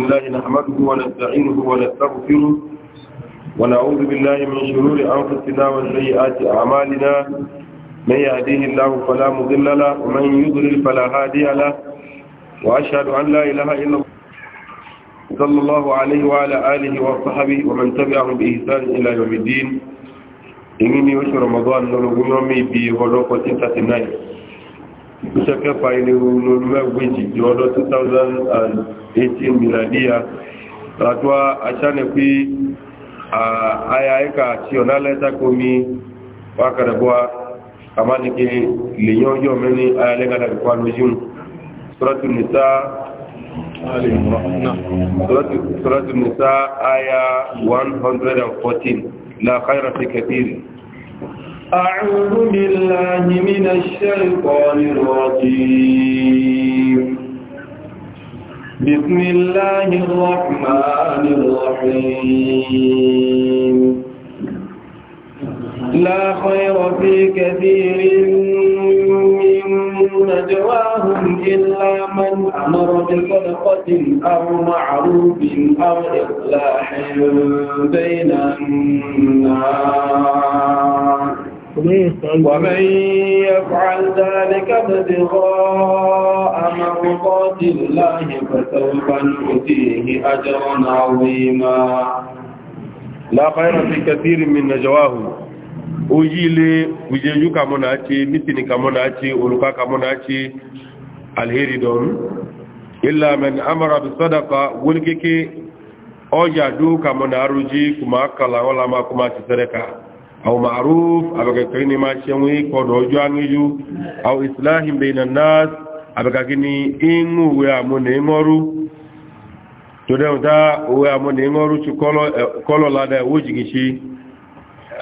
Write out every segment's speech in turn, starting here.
الله نحمده ونستعينه ونستغفره ونعوذ بالله من شرور أنفسنا وسيئات أعمالنا من يهديه الله فلا مضل له ومن يضلل فلا هادي له وأشهد أن لا إله إلا الله صلى الله عليه وعلى آله وصحبه ومن تبعهم بإحسان إلى يوم الدين إنني وش رمضان نرغم يومي بغلوة 39 iṣẹ́ kẹfà ilé olólùmẹ́gbèjì ní ọdọ́ 2018 miladiya ràtúwà aṣáni pé ayaika àti ọ̀nà lẹ́tàkómi wákàrẹ̀bọ́wá kàmánìkè lèyàn yọ mẹ́ni ayalẹ́gàdàkọ́ alójúun sọ́rọ̀tù nìta sọ́rọ̀tù nìta aya 114 لا خير fi kẹfìrì أعوذ بالله من الشيطان الرجيم بسم الله الرحمن الرحيم لا خير في كثير من نجواهم إلا من أمر بصدقة أو معروف أو إصلاح بين الناس ومن يفعل ذلك ابتغاء مرضات الله فسوف نؤتيه أجرا عظيما لا خير في كثير من نجواهم ujile ujeju kamona achi nitini kamona achi uluka kamona achi alheri don illa man amara bi sadaqa wulkiki oja du kamona aruji kuma kala wala ma kuma tisereka أو معروف أبقى كيني ما شموي كون وجوانيجو أو إصلاح بين الناس أبقى كيني إنو ويامون إمورو تدعو دا ويامون إمورو شكولو لدى وجيشي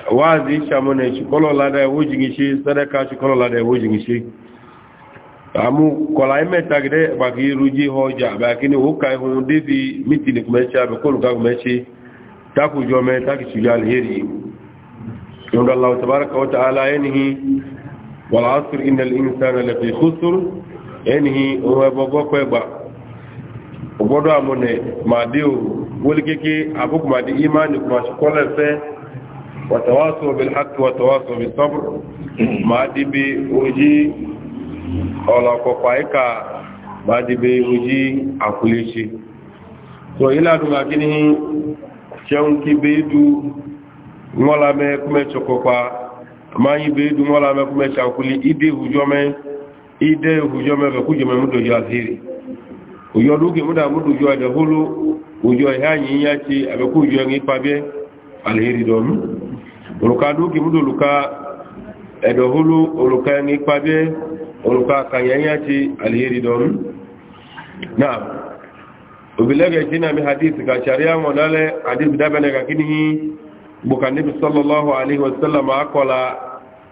amụ shamone shikolo lada ya wuji gishi sadaka shikolo amu ruji hoja bakini miti ni kumesha bekolu heri يقول الله تبارك وتعالى ينهي والعصر إن الإنسان الذي خسر ينهي هو بوغوكو يبا وبدو أمونه ما ديو ولكيكي أبوك ما دي إيمان ما شكولا فيه وتواصوا بالحق وتواصوا بالصبر ما دي بي وجي أولا كوكايكا ما دي بي وجي أكوليشي so ila dunga kini shan ŋɔla mɛ kume tsokɔkpa manyi be du ŋɔla mɛ kume tsakuli ide hujɔmɛ ide hujɔmɛ bɛ kudzɔmɛ mu dojɔ afiri hujɔ do ke mu da mu dojɔ ɛdɛ holo hujɔ yi hã nyi nyatsi abe ku hujɔ ŋi kpabiɛ aliheri dɔnu oluka do ke mu oluka ɛdɛ holo oluka ŋi kpabiɛ oluka kanya nyatsi aliheri dɔnu na obilɛgɛ tsi na mi hadith ka sariya ŋɔ na lɛ hadith dabɛnɛ kakini buka nabi sallallahu alaihi wasallam akola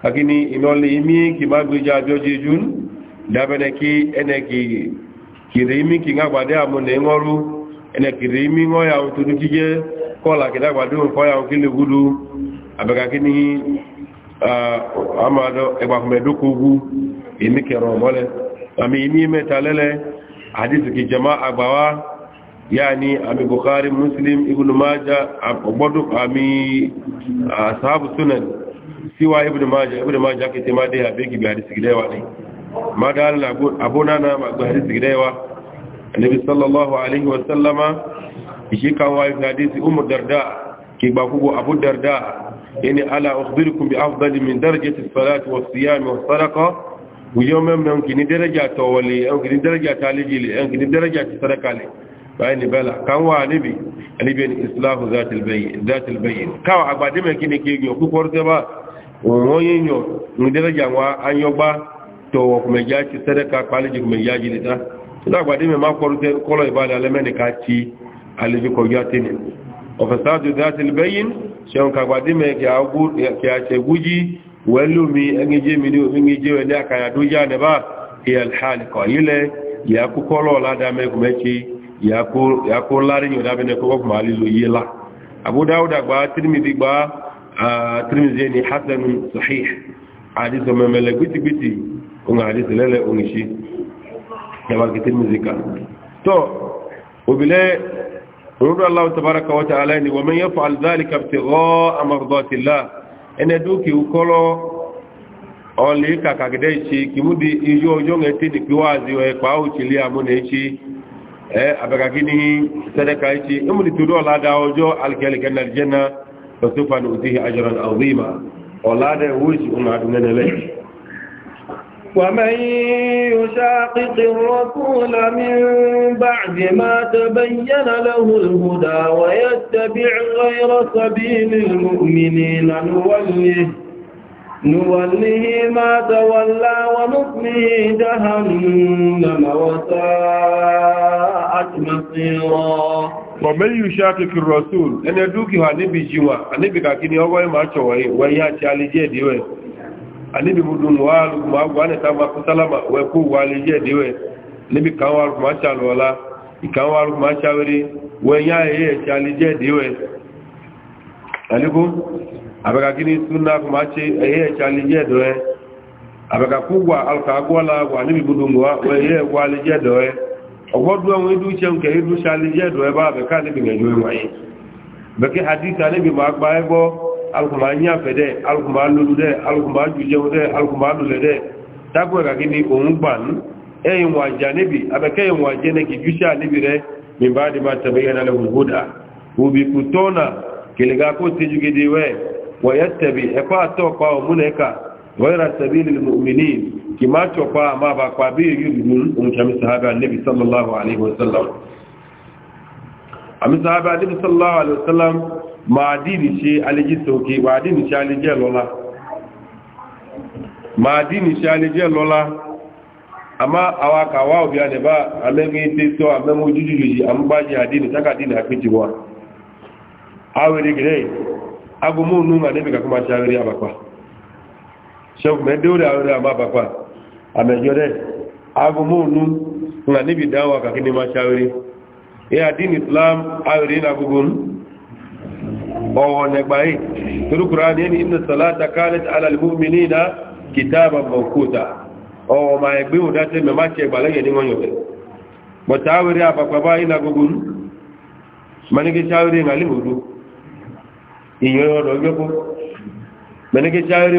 akini inoli imi ki magbija joji jun dabene ki ene ki kirimi ki ngagbade amune ngoru ene kirimi ngoya utudu kije kola kidagbade nkoya ukile gudu abeka kini uh, amado egba kumedukugu imi kero mole ami imi metalele hadithu ki jamaa agbawa يعني أمي بخاري مسلم ابن ماجة أبودك أمي أصحاب السنن سوى ابن ماجة ابن ماجة كتما ديها بيكي بحديث كديوة ما دال أبونا نام بحديث كديوة النبي صلى الله عليه وسلم يشيكا وايف حديث أم الدرداء كي باكوكو أبو الدرداء يعني ألا أخبركم بأفضل من درجة الصلاة والصيام والصدقة ويوم من أنك ندرجة تولي أنك ندرجة تعليجي أنك ندرجة صدقة لي bayani bala kan wa anibi anibi ni islahu zatil bayin zatil bayin ka agbade me kini ke yo ku korte ba won yin yo ni de ja wa an yo ba to wo me ja ti sadaka pali ji me ja ji ni ta to agbade me ma korte ko lo ibada le me ni ka ti ale ji ko ja tin o fa sadu zatil bayin shon ka agbade me mi ni ya ko larin yau dabi ne ko kuma alilu yi la abu dawuda gba tirmidhi gba tirmidhi ne hasan sahih hadisi memele gbiti gbiti unga hadisi lele ungishi ya ba ki tirmidhi ka to obile rudu allah tabaraka wa ta'ala ni wa man yaf'al dhalika ibtigha'a mardati allah ene eh abagagini sadaka yace in mun tudo Allah da wajo alkal kan aljanna fa sufa nuzihi ajran azima wala da wuce una dunne ne lai ومن يشاقق الرسول من بعد ما تبين له الهدى ويتبع غير سبيل المؤمنين نوله نوله ما تولى ونصله جهنم وساءت مصيرا ومن يشاكك الرسول أن يدوكها نبي جوا نبي كاكيني أول ما أتشوهي ويا تشالي جيدي وي anibi mudun walu ma gwane ta ma salama we ku wali je diwe nibi kan walu ma cha lola ikan walu ma cha weri we ya ye cha li je diwe aliku abaka kini sunna ku ma che ye cha li je diwe abaka ku wa alka gwala wa nibi mudun wa we ye wali je diwe ọgbọ́dún ẹ̀wọ̀n idú ṣe ń kẹ̀ idú ṣalẹ̀ jẹ́ ẹ̀dọ̀ ẹbá àbẹ̀ká níbi ìrìnàjò ẹ̀wọ̀n yìí bẹ̀kẹ́ hadita níbi ma gba ẹgbọ́ alùkùnmá yàfẹ́ dẹ́ alùkùnmá lódú dẹ́ alùkùnmá jùjẹun dẹ́ alùkùnmá lulẹ̀ dẹ́ dákú ẹ̀ka kí ni òun gbà ní ẹ̀yìn wà jà níbi abẹ́kẹ́ ẹ̀yìn wà jẹ́ nẹ́kì jù ṣà níbi rẹ̀ mìbá di kìmá tọ̀pá àmà àbàpá bí èyí ìrùn òǹkàmí sàábà níbi sallallahu alaihi wasallam àmì sàábà níbi sallallahu alaihi wasallam máa dìní ṣe alẹ́jì sókè máa dìní ṣe alẹ́jẹ́ lọ́la máa dìní ṣe alẹ́jẹ́ lọ́la àmà àwọn akàwà òbí àdẹ̀bá amẹ́rin tẹ́ sọ amẹ́mú ojújújú yìí àmúgbájì àdínì sákàdínì àpéjì wọn awere gire agomónú àdébìkà kó máa ṣe awere àbàpá ṣẹ́gun mẹ́dẹ́wọ́rẹ́ awere àmà àbàpá amejore agumunu nga nibi dawa kakini mashauri ya dini islam ayuri na gugun owo ne gbai turu qur'ani ni inna salata kanat ala almu'minina kitaban mawquta owo ma egbe udate me mache gbalege ni wonyo motawiri abakwa ina gugun manike shauri nga limudu iyo yodo jopo manike shauri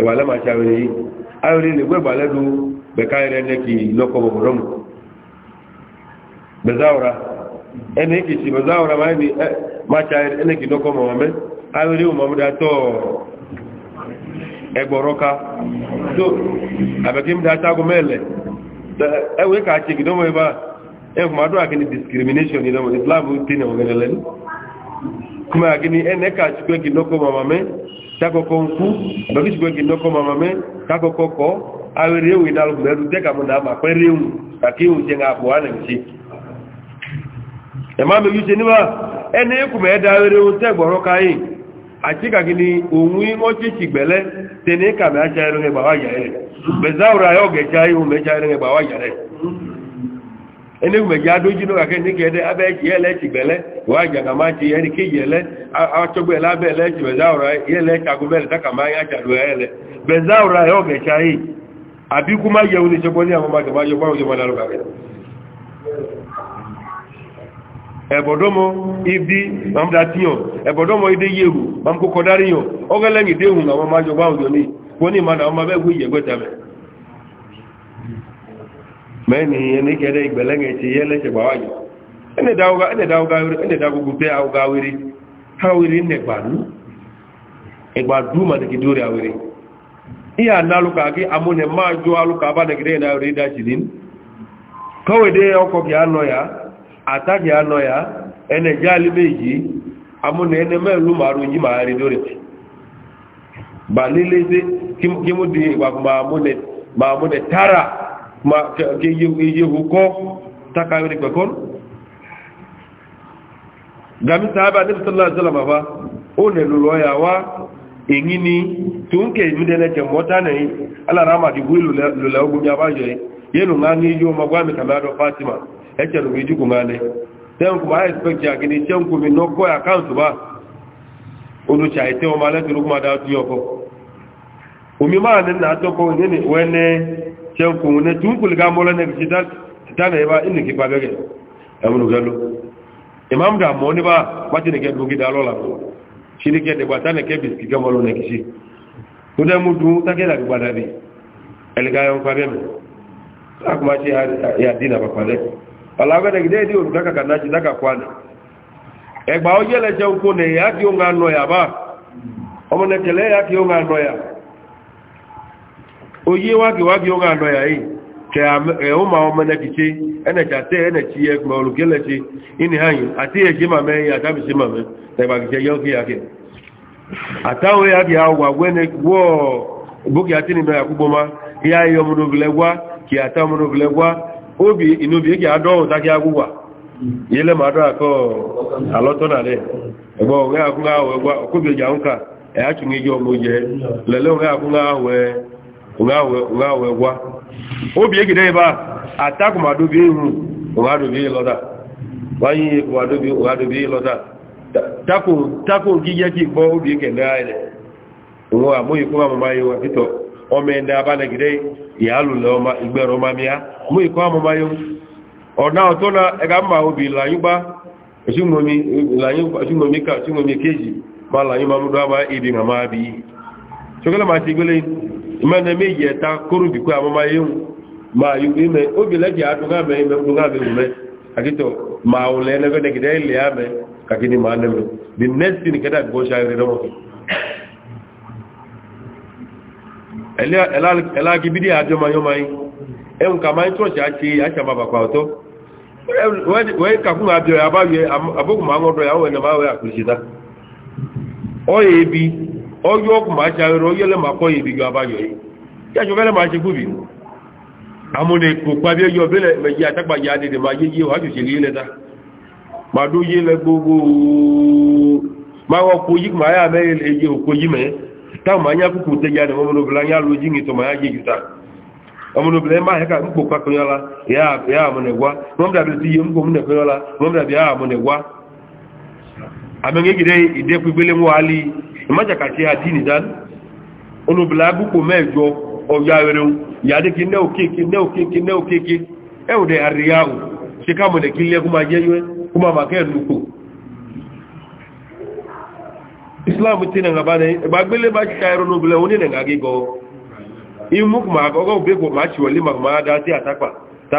ẹ̀wà lẹ́màṣà rẹ̀ yìí ayọ̀rẹ́ lè gbẹ́gbà lẹ́dù bẹ̀ká rẹ̀ lẹ́kì lọ́kọ̀ bọ̀bọ̀rọ̀mù bẹ̀záwọ̀ra ẹni kì sí bẹ̀záwọ̀ra máṣà ẹnẹ́kì lọ́kọ̀ mọ̀mọ́mẹ́ ayọ̀rẹ́ òmọ̀mọ́dá tọ́ ẹgbọ̀rọ̀ká discrimination islam tí kuma gini ene ka chukwe ginoko mamame tako ko nku bagi chukwe ginoko mamame tako koko awere wi na lugbe du teka mo na ma pere wu kaki wu jenga abo ana nchi ema me yuje ni ene ku me da awere wu te gboro kai achika gini ohun ingo chichi gbele tene ka me acha ero ne ba wa yare bezaura yo ge chai wu me cha ero ne ba wa ene ku me ja doji no ka ke abe ji ele wàá jàgà máa ti ẹni kéjì ẹlẹ́ àtọ́gbẹ̀ lábẹ́ ẹlẹ́jì bẹ̀záwùrá yẹ́lẹ́ ṣàgó bẹ́ẹ̀lẹ̀ tákàmá yájàdó ẹ̀ẹ́lẹ̀ bẹ̀záwùrá ẹ̀ ọ̀gẹ̀ ṣáyé àbíkú má yẹ oní ṣẹpọ̀ ní àwọn májọba yọ báwọn ìjọba lárúbà rẹ̀ ẹ̀bọ̀dọ́mọ ibi mamdatiyan ẹ̀bọ̀dọ́mọ idé yẹ̀rù mamkókọ dáríyàn ọgẹ́lẹ́yìn déhùn àwọn májọba òjò ní wọ́n ní ìmọ̀nà ọmọ ẹni kẹ́dẹ́ ìgbẹ̀lẹ́gẹ̀ ti yẹ́lẹ́ṣẹ̀gbà wáyọ̀ ene dawga ene dawga wiri ene dago gute awga wiri ha wiri ne gbadu e gbadu ma deki dori awiri iya nalu ka ki amune ma jo alu ka ba deki na wiri da chidin kawe de oko ki ano ya ata ki ano ya ene jali meji amune ene melu maru ji ma ri dori ti ba lele se kimu di wa ma amune ma tara ma ke yehu ko takawiri kwekon gami sahaba nabi sallallahu alaihi wasallam ba o ne lulo ya wa enyi ni tunke mi de leke mota ne ala rama di gulu lulo ogun ya ba je yelo ngani yo magwa mi kama do fatima e che ru ku ngane ten ku ba expect ya gini ten ku mi no go account ba onu cha ite o ma da ti oko omi ma ne na to ko ne ne wene ku ne ga mola ne ki dal tana ba inni ki ba gege imam da mo ni ba wati ne ke dugi da lola ko shiri ke de bata ne ke biski ke molo ne kishi to da mu du ta ke da gbada bi el ga yon fa be me akuma ci ya dina ba fa ala ga de de o ka ka na ci da ka e gba o yele je ko ne ya ki o nga no ya ba ọmọ ne kele ya ki o nga no ya oye wa ki wa ki o nga no ya yi kẹ̀yàwó máa ọmọ ẹnẹ́kìṣe ẹnẹ̀kì àti ẹnẹ̀kì ẹgbẹ̀ olùkẹ́lẹ̀ṣe inú hàyìn àti ẹ̀ṣẹ́ màmẹ́ àtàbìṣẹ́ màmẹ́ ẹgbàkìṣẹ́ yọ́kíyàkẹ́ àtàwọn ẹ̀yàkì àwọ̀ àwọ̀ bókì àti ní mẹ́ra púpọ̀ má kí á yọ ọmọdógilẹ̀ wá kí àtà ọmọdógilẹ̀ wá óbì inú bí kí adọ́wọ̀ tákí agúwà yẹlẹ̀ máa dọ́ àkọ́ àlọ́tọ́nà rẹ̀ ẹgbọ́ ọ̀rẹ́ àkúngáwọ̀ ẹgbọ́ ọkọ́bìnrin jà ń kà ẹ̀yà gwa obi egide ebe a atakụmadobi ihu dobe ịlọda gbanye e ụghadobi ịlọda tako ngige ka igbo obi ekele anyị nwa amụghị kwa amụma ya iwe pito ome ndị abanagide ya alụle ọma igbere ọma mịa amụghị kwa amụma ya ọ na ọtọ na ịga mma obi lanyi gba osinwomi ka osinwomi keji ma lanyi ma mụdọ ama ibi na ma bi sokele ma imana meji ta koro bi ko amama yewu ma yu ime obi leji atunga me ime dunga be ume akito ma ole ne gode gide ile ame kakini ma ne me bi nesti ni kada go sha re do ele ela ela ki bidi ajo ma yo mai e un kama nto acha baba kwa oto we kun abio ya ba ye abogun ma ngodo ya we ne ma ọjọ́ ọkùn máa ṣe ayọrọ yẹ́lẹ̀ máa kọ́ ìbí yọ abáyọ̀ yìí yàjọ fẹ́lẹ̀ máa ṣe gbùbì àmúnẹ kò pàbí ẹyọ bẹ́lẹ̀ mẹ́jì àtàgbàjì adìdì máa yé yé wájú ṣe lílẹ̀ ta máa dó yé lẹ gbogbo máa wọ́n kò yí máa yà mẹ́rin ẹyẹ òkò yí mẹ́ táwọn máa yá kúkú tẹ́jà ní ọmọdébìlá yá yá ìmájàkàṣe àdínì dán olùbìlà agbúkò mẹ́jọ ọjọ́ arẹun ìyàdíkì ní òkèèkè ní òkèèkè ní òkèèkè ẹ̀wùdẹ̀ àríyáwù ṣe káàmùdẹ̀ kí ilé kúmà jẹ́ yẹ́ kúmà màkẹ́ lùkò islam tí nà bá náà ìgbàgbélé bá ṣe ẹ̀rọ olùbìlà onínàgàgígọ imúkùmà àgọ́gọ́ òbẹ́kọ̀ máa ṣìwọ̀lé màkùmà dá sí àtápà tá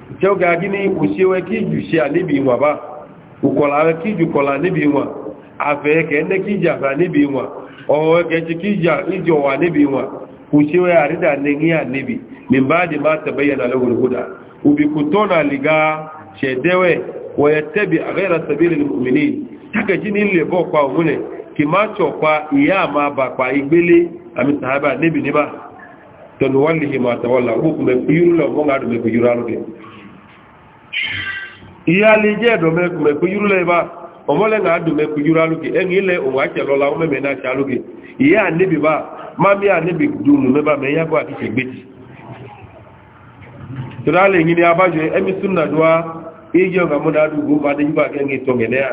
jẹ́wọ́gá gíní òṣèwẹ́ kí ìjù ṣe àníbì wọn bá òkọ̀lá rẹ kí ìjù kọ̀lá níbì wọn àfẹ́ẹ̀kẹ́ ní kí ìjà fà níbì wọn ọ̀rọ̀ẹ̀kẹ́ ti kí ìjọ wà níbì wọn òṣèwẹ́ àrídà ní àníbì mìbáàdì má tẹ̀bẹ̀yẹ̀nà lọ́wọ́lọ́wọ́dà òbíkùtọ́nà lìgá ṣẹ̀dẹ́wẹ̀ wọ̀yẹ̀tẹ́bì àrẹ́rà sàbílì mìíní tákẹ̀jì ní ilẹ̀ bọ́ pa òmúnẹ̀ kì máa ṣọ̀pa ìyá àmà bàpà ìgbélé àmì sàhábà níbì níbà tẹ̀lúwálìhìmọ̀ àtàwọ́là ó kùnmẹ̀kú yúrù lọ́wọ́ ihe ala ije edo mekpuyuru la ebe a omole na adụ alụ gị enyi ile ụwa chelụla omeme na acha alụ gị ihe a nebi mami a nebi du ma ihe bụ akịcha egbeji tụrụ ala enyi ni abajo emisi na duwa iji ọga mụ na adụgo ma adịghị ba gị ịtọ gị ya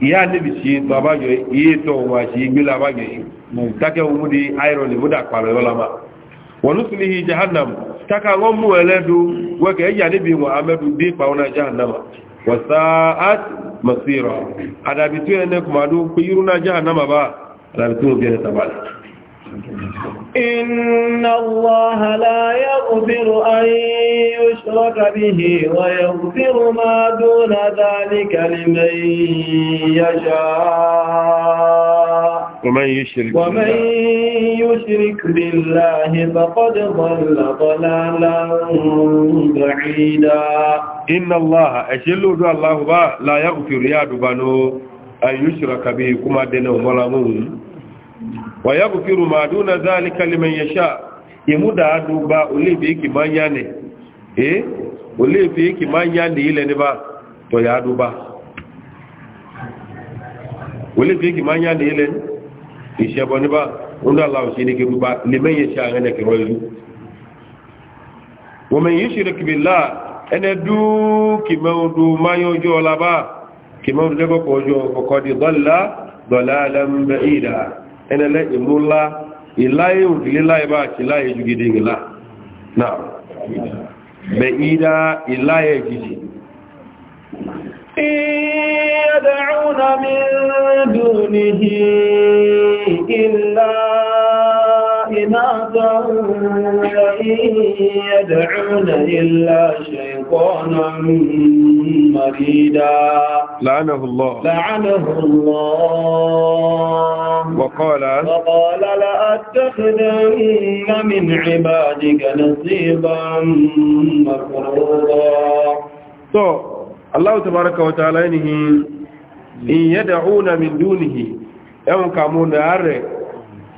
ihe a nebi si tụ ihe ịtọ ụwa dị mụ taka wọn mú ẹlẹ́dù wẹ́kẹ̀ ẹ̀yà níbi wọn amẹ́dù dé pàwọn jahannama wọ̀sá at masira adàbìtú ẹnẹ́kùnmọ́dún pé irúnà jahannama bá adàbìtú òbí ẹnẹ́ tàbálẹ̀ إن الله لا يغفر أن يشرك به ويغفر ما دون ذلك لمن يشاء ومن يشرك, ومن يشرك بالله فقد ضل ضلالا بعيدا إن الله أشل الله لا يغفر يا دبانو أن يشرك به كما دينه ظلمون ويغفر ما دون ذلك لمن يشاء يمدا دوبا اولي بيكي مانياني ايه اولي بيكي مانياني يلني با تو يا دوبا اولي بيكي مانياني يلني يشبوني با ان الله شينيكي دوبا لمن يشاء غنك رويلو ومن يشرك بالله ان دو كيمو دو ما يوجو لبا كيمو دغو كوجو فقد ضل ضلالا بعيدا ẹnẹlẹ ìmúlá ìláyé òdìlé láyé bá ti láyé ju gidi ńlá náà bẹ ìdá ìláyé يدعون من دونه إلا إناثا يدعون إلا شيطانا مريدا لعنه الله لعنه الله وقال وقال لأتخذن من عبادك نصيبا مفروضا تو الله تبارك وتعالى إن يدعون من دونه يوم كامون أره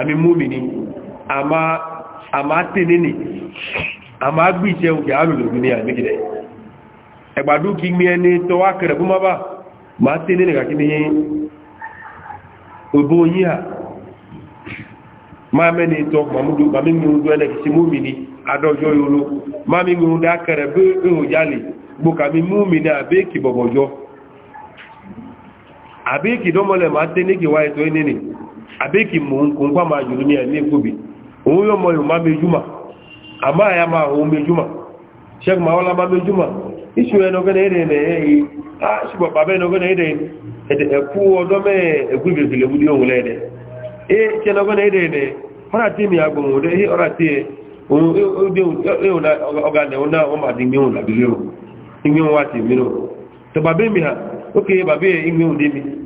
àmì múmìnì àmá tẹ́nìnì àmá gbìṣẹ́ òkè àrùlòmí ní àgbégidẹ̀ ẹgbàdú kí gbé ẹni tọwá kẹrẹ bú má bá ma tẹ́nìnì kàkí ní òbó yí à máa mẹ́ni tọ màmúdú màmígbìmúdú ẹlẹ́kìsí múmìnì adọ́jọ́ yóò máa mígbìmúdú akẹrẹ bí èhò jálè gbókàmí múmìnì àbẹ́kì bọ̀bọ̀jọ́ àbẹ́kì dọ́mọlẹ̀ máa tẹ́nìkì wáyé tó abeki mu nkwa ma juru ni ene gobi owo yo mo ma mejuma ama ya ma o mejuma sheik ma wala ma mejuma isu eno gene ere ne e a shi baba be no gene ere na eku odo me egubi bile wudi e che no ne ora ti mi agbo mo de e ora ti o e. e, e, na oga ne ona o ma di mi o la bi o to babe mi ha okay babe o de mi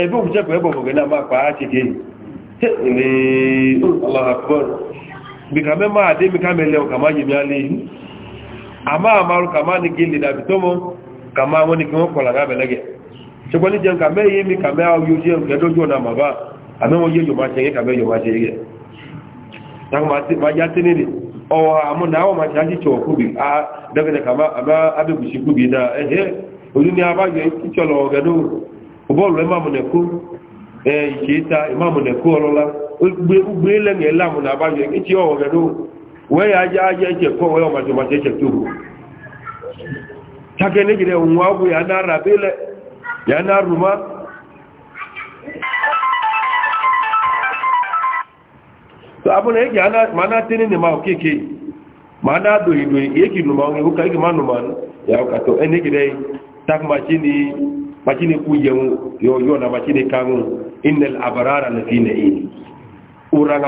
ẹ̀bọ́ òkúchẹ́kọ̀ ẹ̀bọ̀ bọ̀gẹ̀ náà máa pàá ti dé ọlọ́hàkùbọ̀rọ̀ bí ká mẹ́ máa dé mi ká mẹ́lẹ̀ ọkà máa yìí alẹ́ yìí a máa márùn ká máa ní kí lè dàbí tọ́mọ́ ká máa wọ́n ní kí wọ́n kọ̀lá gábẹ̀lẹ́gẹ̀ ṣùgbọ́n ní jẹun ká mẹ́ yé mi ká mẹ́ àwọn yóò jẹun kẹ́dọ́jú ọ̀nà a dẹ́gbẹ̀dẹ̀ ká máa abẹ́gùsí kúbi náà ẹ̀hẹ́ olú ni a bá yọ ìkíṣọ́lọ̀ bọ́ọ̀lù ìmáàmù nẹ̀kú ìṣe ta ìmáàmù na ọlọ́lá gbé lẹ́yìn ẹ̀láàmù náà bá yẹ kí tí ọ̀wọ̀ rẹ̀ ló wẹ́yà ajá ajá ẹ̀jẹ̀ kọ́ wẹ́yà ọmọ àjọmọ̀ ẹ̀jẹ̀ tó rò tákẹ́ nígbìrẹ̀ ohun ààbò yàná ara bẹ́lẹ̀ yàná rùmá tó abúlé bacine kujeŋu yo yona bacine kaŋu innal abrara lafi naim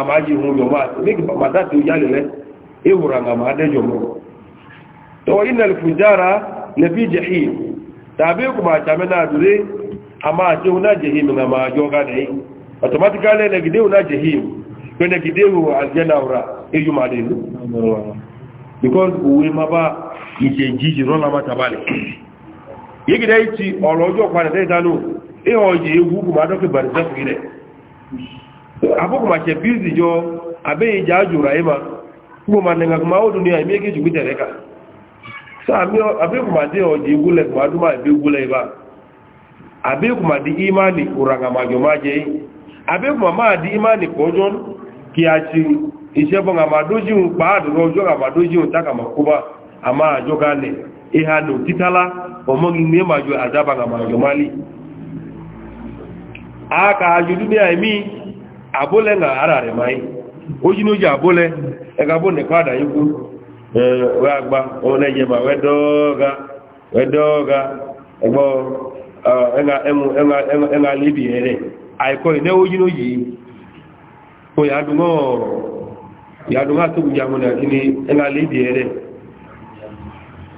maji hu yoma big madatu yalile e urangama de jomo to innal fujara lafi jahim tabe ku ma tamena dure ama je una jahim na ma joga dai automatically ne gide una jahim to ne gide hu aljanna ura e yuma de because uwe maba ije jiji rola matabale yegide iti ọ̀rọ̀ ojú ọ̀pá rẹ̀ dánú ihò yìí ewu kùmà dọ́kì bàrẹ̀ sẹ́fì rẹ̀ abúkùmà ṣe bíìsì yọ abẹ́yìn ìjà àjòrà ẹ̀mà kùmà nìgbà kùmà ó dùn ní àmì èkè jù gbìtẹ̀rẹ̀ kà abẹ́kùmà dé ọ̀jẹ̀ egúlẹ̀ kùmà dúmà ẹ̀bẹ́ egúlẹ̀ ibà abẹ́kùmà di imani òrànàmàjọmájẹ abẹ́kùmà máa di imani kọjọ́ kí a ti iṣẹ́ bọ́n àmàdójíhun pàádùn ọjọ́ àmàdójíhun tákàmà kúbà àmà ihe a na otitala ọmọghị ihe ma jụ adabaga ma a ka ha jụrụ na emi abụle na ararị ma oji abụle na kwada ikwu wee agba onye ma wee dọga wee dọga egbo ẹ̀nà níbi ẹ̀rẹ̀ àìkọ́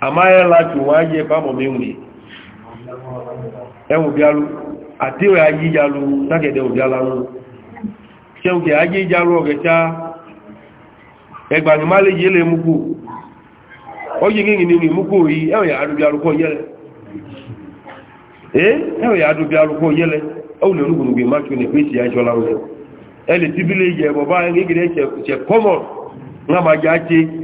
amaghị lati nwa anyị ebe amam enwe enwụbịalụ adịghị anyị jalụ nagede ụbịala nwụ chenke anyị jalụ ọgacha ẹgbàmí má lè yé lè mú kú ó nínú ìmúkú yí ẹ̀wẹ̀ àdúbí arúkọ yẹ́lẹ̀ ẹ̀wẹ̀ yẹ́lẹ̀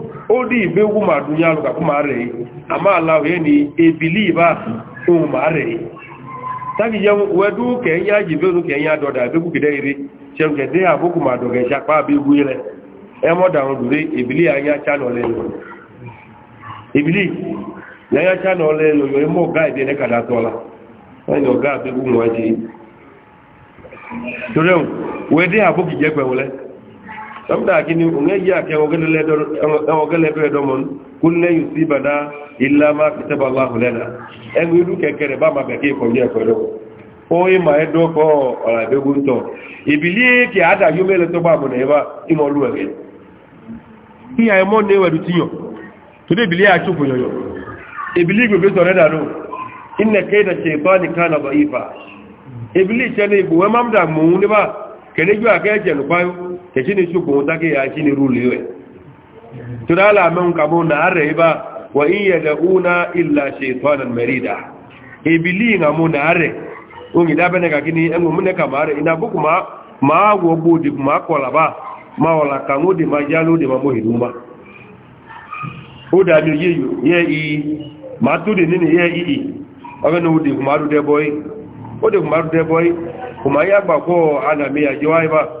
ó dí ìgbé ogun máa dùn yálùkà fún máa rẹ̀ àmá aláwọ̀ e ni ebìlì bá ohun máa rẹ̀ tàbí jẹun wẹ́dú kẹ̀yìn àjìbẹ́nu kẹ̀yìn àdọ̀dà ìbẹ́kù kìdẹ́ eré ṣẹun kẹ̀dẹ́ àbókù máa dọ̀gẹ̀ ṣapá abẹ́gbé rẹ̀ ya ọ̀rùn dùré ebìlì yányá chánà lẹ́nu ebìlì yányá chánà lẹ́nu ọ̀gá ìdí ẹ̀nẹ́ tọ́lá ẹni ọ̀gá wẹ́dẹ́ jẹ́ pẹ̀wọ́lẹ́ samda kini ungeja ke ogelele do ogelele do mon illa ma Allah lana en ke kere ba ma be ke ko ko do o e ma e do ko ala be ibili ke ada yumele to ba mo ne ba imo lu ege ya mo ne tiyo to de ibili a chupo yoyo ibili go be so re da do inna kayda shaytani kana da'ifa ibili chene ibu wa mamda mu ne ba ju je lu kẹsí ni ṣùgbọ́n ó dákẹ́ yà sí ni rúlé rẹ̀ tó dáàlà mẹ́un kàmọ́ na ààrẹ ibá wà ìyẹ̀dẹ̀ únà ìlà ṣe ìtọ́nà mẹ́rìdà ìbílí ìhàmọ́ na ààrẹ oyin dábẹ́nẹ̀ kàkí ni ẹgbùn múnẹ̀ kàmọ́ ààrẹ iná bókù máa wọ gbòdì máa kọlàbà máa ọ̀là kàmọ́ òdì máa yá lóde máa mọ́ ìlú ma ó dàbí yàgbà kọ́ ànàmì àjẹ́wáyé báà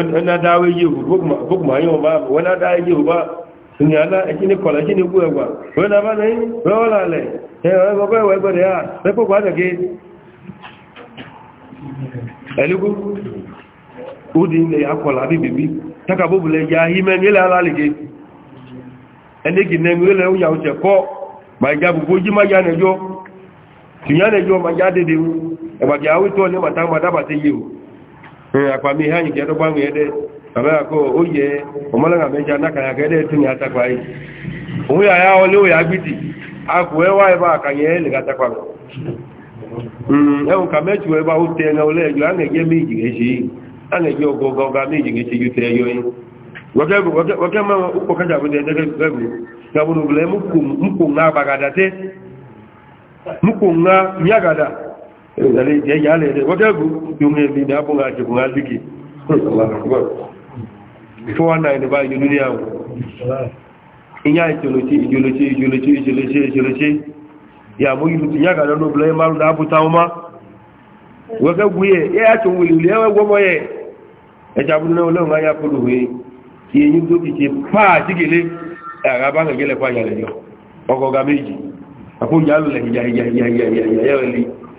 na dawo yi bukma yi ba wani da yi ba ni ala ekini kola kini wu egwa we na ba ni we ola le e o ba ko we gbere ya se ko gba ke elugu udi ni akola bi bibi taka bo bule ya hi me ni la la le ke ene ki ne mi le o ya o che ko ma ja bu boji ma ja ne jo ti ya ne jo ma akpa m ihe anyị ga edogba nwe ede abaghị oye ọmara na meja na ya ga ede etinye atakwa anyị onwe ya ya ole oye agbiti akụ ewa ebe a ka nye ka mechuo ebe ahụ na a na-eji eme iji ga-eji iyi a na-eji ogogo ga kacha na te na ìrìnlẹ̀ jẹ́ ìyálẹ̀ rẹ̀ wọ́dẹ́gù yóò na lè dábò àjẹ̀kùn alìgì fọ́wọ́nà ìrìnbá ìjọlórí àwọn ìyá ìjọlóṣe ìjọlóṣe ìjọlóṣe ìjọlóṣe ìjọlóṣe ìyàmó ìlú ti yága lọ́nà obìnrin márùn dábòta ọmá wọ́gẹ́ gbúyẹ̀ ẹ́ àti òun ìlú ẹwẹ́ gbọ́mọ́ yẹ ẹja abúlé náà lọ́wọ́ ayá kó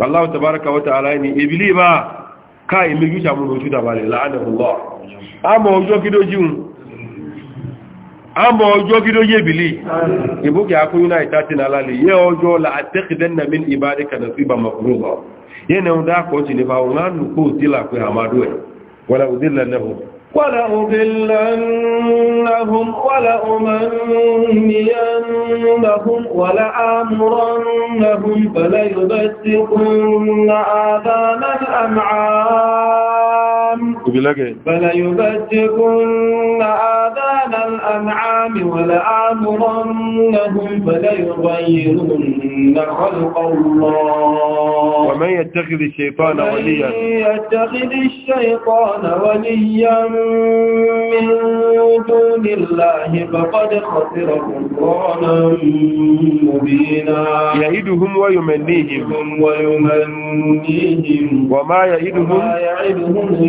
Allah tabaraka wa ta'ala ni ibili ba ka imi yuja mu roju da bale la'anallahu àmọ́ ọjọ́ kidoji un àmọ́ ọjọ́ kidoji ibili ibuke akun na itatin alale ye ọjọ́ la ataqidanna min ibadika nasiba ولأضلنهم ولأمنينهم ولآمرنهم فليبتقن آذان الأمعاء الأنعام فليبتكن آذان الأنعام ولآمرنهم فليغيرن خلق الله ومن يتخذ الشيطان وليا يتخذ الشيطان وليا من دون الله فقد خسر خسرانا مبينا يعدهم ويمنيهم ويمنيهم وما يعدهم وما يعدهم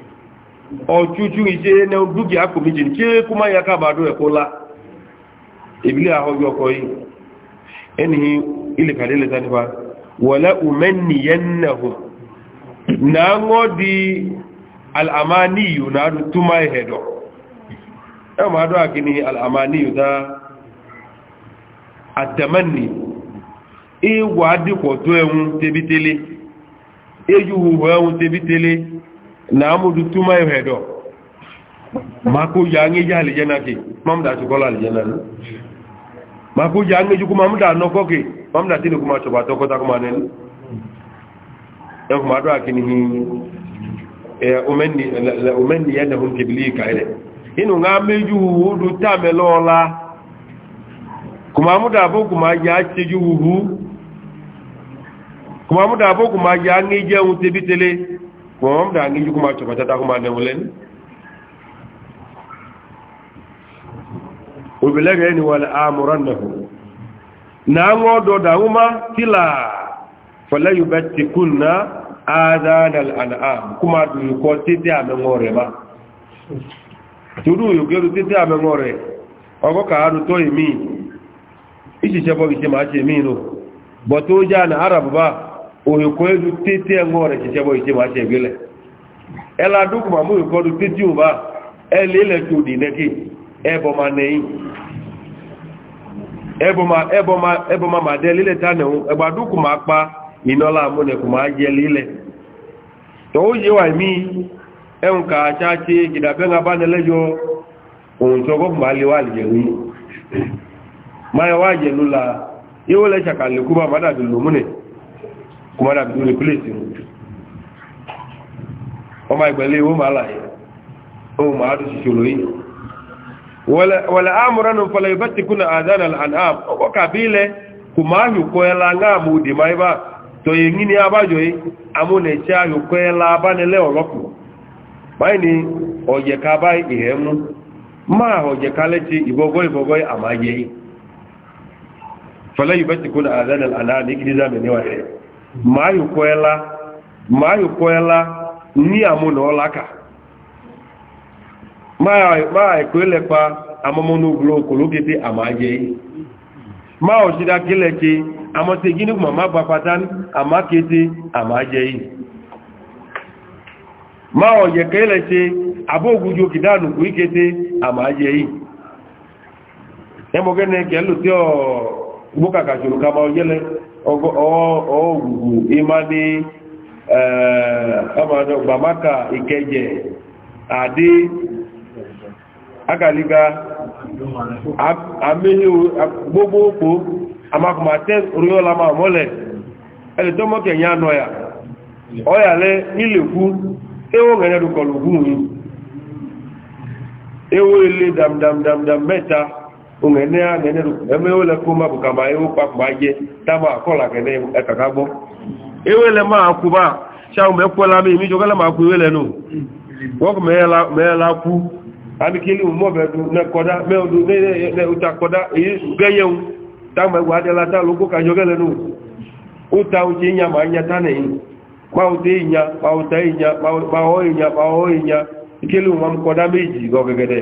ọ̀chúchú ìṣe ẹni dúkìá kò méjì kí kú máa yaka bàdó ẹ̀kọ́ lá ìbílẹ̀ àhọ́jọ́ ọkọ̀ yìí ẹni ilẹ̀ kàdé lẹ́ta nípa wọ̀lẹ́ òmẹ́nìyẹ́nàhù náà ń wọ́n al'amaniyu naamudu tuma yi hɛdɔ mako yange ja alijana ke mamu da tukɔla alijana ni mako yange juku mamu da nɔkɔ ke mamu da tini kuma sɔba tɔkɔ ta kuma nɛni ɛn kuma dɔ a kini hi e o la ni yana hun tibili ka yɛlɛ inu ŋa meju wudu tamɛ lɔɔla kuma mu da fo kuma ya seju wuhu kuma mu da kuma ya ŋe jɛun tebitele wọ́n dà ní jùkú máa tọ̀kọ̀tẹ́ takú máa dẹ̀wọ̀n lẹ́nu obìnrin ni wọ́n àmúrán náà na ń wọ́n dọ̀dà ń má tílà fọ́lẹ́yù bẹ́ ti kún náà àádánà kú máa dùnkọ títí àmẹ́wọ̀n rẹ̀ bá torú yòókèrú títí àmẹ́wọ̀n rẹ̀ ọgọ́ kàánù tó na Arab ba òyìnkọ́ ẹ̀dù tètè ẹ̀mọ́ rẹ̀ ṣiṣẹ́ bọ́ ìṣe máa ṣe ìgbélẹ̀ ẹ̀là dúkùmá mú òyìnkọ́ ọdún tètè ò bá ẹ̀ lélẹ̀ tó dì nẹ́kì ẹ̀bọ̀ máa nẹ̀yìn ẹ̀bọ̀ máa máa dẹ́ lélẹ̀ tánà òun ẹ̀gbà dúkùmá pa ìnọ́lá amúnẹ̀kùmá yẹ lélẹ̀ tọ́wọ́ yé wà mí ẹ̀hùn kà ṣáṣe ìdàbẹ́ngà bá lẹ́ṣàkàlẹ̀kú bá mádàdùn lòmúnẹ̀ kuma na bidu replace ro o ma igbele o ma la o ma adu si solo yi wala wala amran fala yubattikuna adana al an'am o ka bile kuma yu ko nga mu di mai ba to yi ngini abajo yi amune cha yu ko la ba ne le oroku bai ni oje ka bai ihemu ma oje ka lechi ibogo ibogo amaje. yi fala yubattikuna adana al an'am igidi za me ne wa ma yụkwela ni amụna ọlaka ma ekwelekwa amụmụnugolokologede amaje ma ọchịda keleke amọte gịnị ma ma gbapata amakete amaje ma ọyẹ keleke abóògùjò kìdánùkú ikete amaje ẹmọgẹ́nẹ̀kẹ́ lòtí ọ̀ gbókàkà ṣòro ká ma ọjẹ́lẹ́ ọgwụgwụ ịmadị gbamaka ikeje adị agaliga amíhí gbogbo òpó amakùnmàtẹ́ oríọ́lá máa mọ́lẹ̀ ẹni tó mọ́kẹ̀ yá nọ ya ọ́yàlẹ́ nílèkú ewó gẹ̀rẹ́ rùkọ̀lù gùn yìí ewó ilé dàmdàmdàmdàm mẹ́ta ongene a gene eme ole ko pa ba je taba ko la gene e kaka bo la mi mi la me la ku abi kili mo be du na koda me o du ne ne uta koda e geye un ta ma wa de la ta lo ko ka jo gele no uta o ji nya ma ta ne ma ma o ta nya ma o ma o nya ma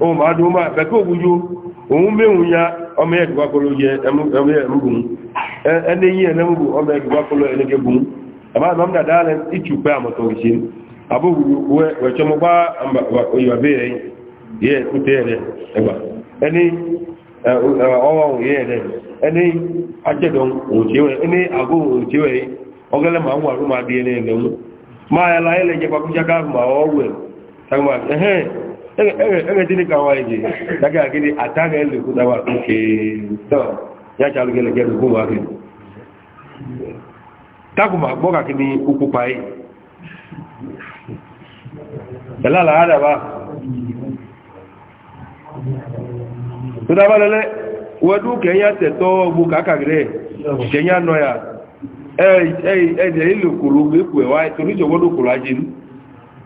ohun ma dùn máa bẹ̀kẹ́ òwúyó òun mẹ́hùn ya ọmọ ẹ̀dùgbàkọlọ yẹ ya ẹni yí ẹlẹ́mùgùn ọmọ ẹ̀dùgbàkọlọ ẹnìkẹgùn àmà àmà dàdá alẹ́ ìtùpẹ́ àmọ̀tọ̀ òṣèlú ya wẹ̀tsọ́mọgbà máa di ẹni máa ẹ̀hẹ́n ẹgbẹ̀tí ní kàwà ìjì lágbà gíní àtàrà ẹlù kúta wà tó ṣe tọ́ yá ṣàlù gẹ́lẹ̀gẹ́ gbogbo wà rí takùnmà gbọ́gà kí ní ukú parí ẹ̀lá àdàbà tó dábà lẹ́lẹ́ wẹ́dú kẹ́yà tẹ̀tọ́ gbogbo kàkàrẹ́ kẹ́yà nọ́yà ẹ̀ẹ̀dẹ̀ ìlú kòrò gbẹ́kù ẹ̀wà torí ìjọwọ́dọ̀ kòrò ajínú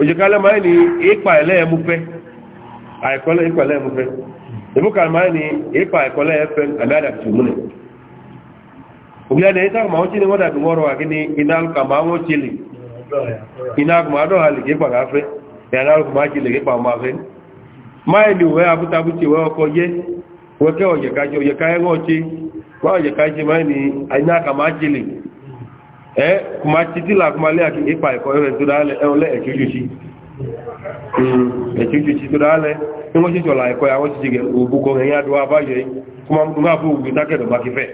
òjìkálẹ̀ máa ní ipa ẹlẹ́ẹ̀múfẹ́ àìkọ́lẹ̀ ipa ẹlẹ́ẹ̀múfẹ́ ìbúkà máa ní ipa ẹ̀kọ́lẹ̀ ẹ̀fẹ́ àmìádàtì múlẹ̀ òbílẹ̀ ìtàkùnmà wọ́n tí ni wọ́n dàbí wọ́n rọ̀ àkíní ìnáàkùnmà wọ́n tí lè ìnáàkùnmà àdọ́hà lè képa káfẹ́ ìnáàkùnmà tí lè képa ọmọ afẹ́ máa ní ìwẹ́ abútabútì wẹ́ ọkọ̀ yẹ́ wẹ́kẹ́ ọ̀yẹ̀ká ẹ kuma títí la kuma lé àti ipa ẹ̀kọ́ ẹ̀rẹ̀ tó dálẹ̀ ẹ̀rọ lẹ́ ẹ̀tújútí hmm, ẹ̀tújútí tó dálẹ̀ ní wọ́n ṣíṣọ́ la ẹ̀kọ́ àwọn ṣíṣe òbúkọ ẹ̀yìn adó abáyọ̀ yìí kuma bá kífẹ́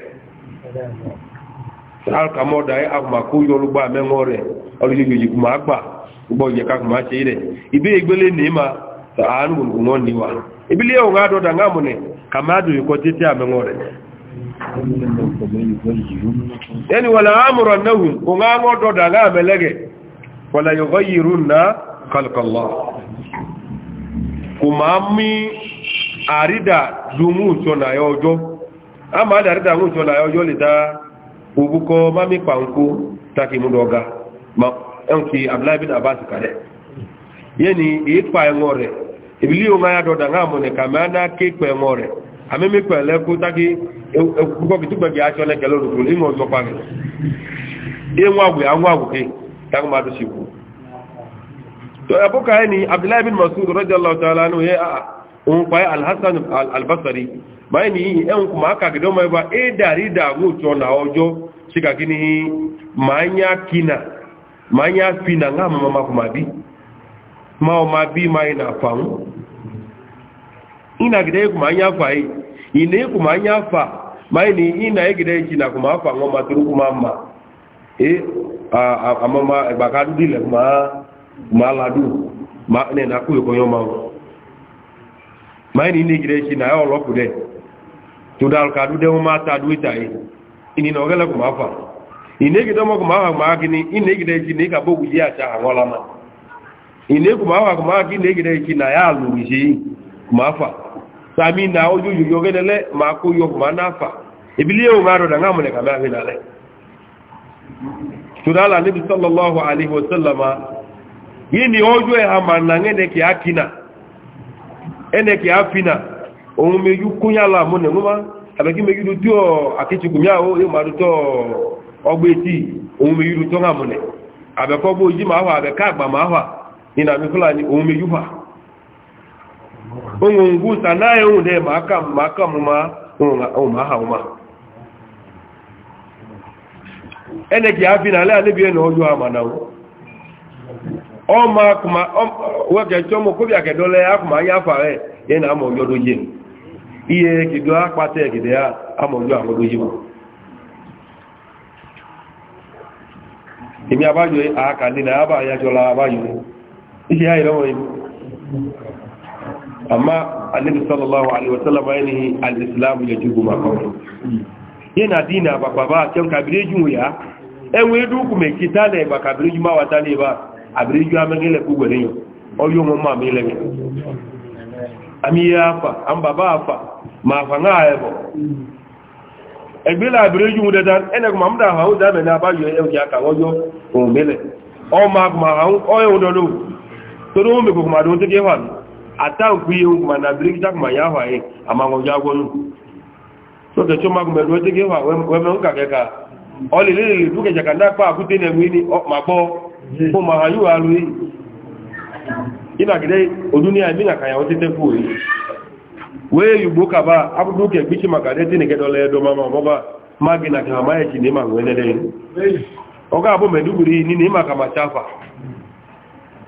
yọ olúgbà mẹ́wọ́ rẹ ọlọ́jọ́jọ́jì kuma àgbà gbọ́ ìjẹ̀ka kuma ṣe ìgbélé àánú wọn yani wala amura nahu ko nga ngo do da ga belege wala yughayyiruna khalqallah kuma mi arida dumu so na yojo ama arida mu so na yojo le da ubuko mami panko taki mudoga ma enki abdullah bin abbas kale yani ipa ngore ibili o nga do da nga mo ne kamana ke amemi pẹlẹ kó taki ekukọ kitugbẹgi atsọ lẹ kẹlẹ olùkùn ní ìwọn zọpa mi ìwọn awùi àwọn awùké taki ma do siku tó ẹbúkà ẹni abdullahi bin masud rọjàlá ọtàlá ní òye òun pa alhassan albasari báyìí ní ẹ̀hún ọmọ bí fàún ma ń e e, yá Ine na-ekwu ma anya afa ma ị na ị na-egide echi na kuma afa nwa ma tụrụ kuma mma ee amama gbaka dị ile ma ma ladu ma ne na ku ko yoma ma ni ni gire chi na ya olo ku de to dal ka du de ma ta du ita yi ini no gele ku ma fa ine gide mo ku ma ma gini ine gide chi ni ka bo wu ya cha ngola ma ine ku ma wa ku ma gini gide chi na ya lu ji ma fa sami na ojú yòyò gẹ́dẹ́lẹ́ máa ma na máa náà fà ìbílẹ̀ yóò máa rọ̀dà náà mọ̀lẹ̀kà máa fi nálẹ̀ ṣùdálà níbi sọ́lọ́lọ́wọ́ àlehòsọ́lọ́mà yìí ni ojú ẹ̀ha e ma nà ẹnẹ̀kì ákínà ẹnẹ̀kì eneke òun mejú kúnyàlá múnẹ̀ múmá ala mejú tó tó àkíchukùnyàwó yóò máa tó ọgbẹ́ tí òun mejú tó hàn múnẹ̀ àbẹ̀kọ́ bó yí máa wà àbẹ̀ká agba máa wà nínú àmì fúlàní òun yu wà onye ngwusa naghị nwude ma aka ma aka mụma ụma ha ụma ene ka fi na ala anibie na ọjọọ na ọma kuma weke chọ mụ kụbịa kedole ya kuma anya afọ e, na ama ọjọọ doji ihe kido a egide ya ama ọjọọ amma annabi sallallahu alaihi wasallam yanihi al-islam ya jugu ma kawai yana dina ba ba ba kan ya en we du kita ba ma wata ba oyo ma ami ya fa fa ma fa egbe la abiriju da me na ba ka oyo o mele o ma ma ha o yo do do to do me ata nkwụ ihe ma na birikita ma ya ahụ anyị amanwụja agwọnụ soke chọma gụ mere oche gị hụ weme ụka gị ka ọlịlịlịlị bukecha ka ndị akpa akwute na-enwe ini ma kpọọ bụ ma ha yi alụ iyi ịnagide oduniya emi na ka ya otete kwuo iyi wee yugbo kaba akwụkwọ ụka ekpichi maka deti na ekedola edo ma ma ọmọba ma gị na ka ha ma ya chi na ịma nwee lele ọ ga-abụ iyi ma chafa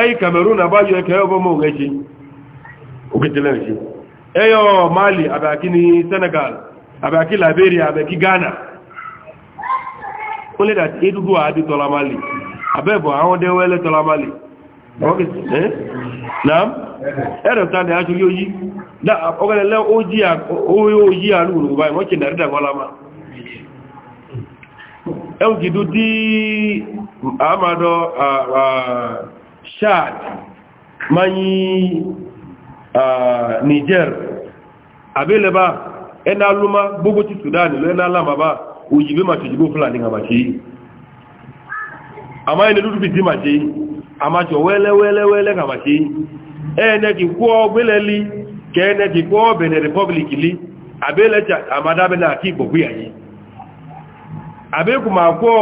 ẹ̀yí cameroon àbájọ ẹkẹ̀ ọgbọ́n mọ́ ẹ̀ṣe òkètèlẹ̀ ẹ̀ṣe ẹ̀yọ mali àbẹ̀kí ní senegal àbẹ̀kí liberia àbẹ̀kí ghana ó lè dàti edugbo àádì tọ́lá mali àbẹ̀bọ̀ àwọn dẹ́wẹ́lẹ́ tọ́lá mali ẹ̀rùn kìdú tí a máa dọ́ chad manyi uh, niger abeleba ena aluma gbogbo ti sudan lo ena lama ba ojibe ma sojibo fulani nga ma se ama ene dudu fiti ma ama so wele wele wele nga ma se yi ene ki kwo gbele ke ene ki kwo benin republic li abele chad amada bena aki igbogbo yayi abe kuma kwo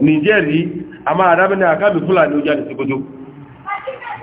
Nigeri yi ama adabe na aka mi fulani oja ni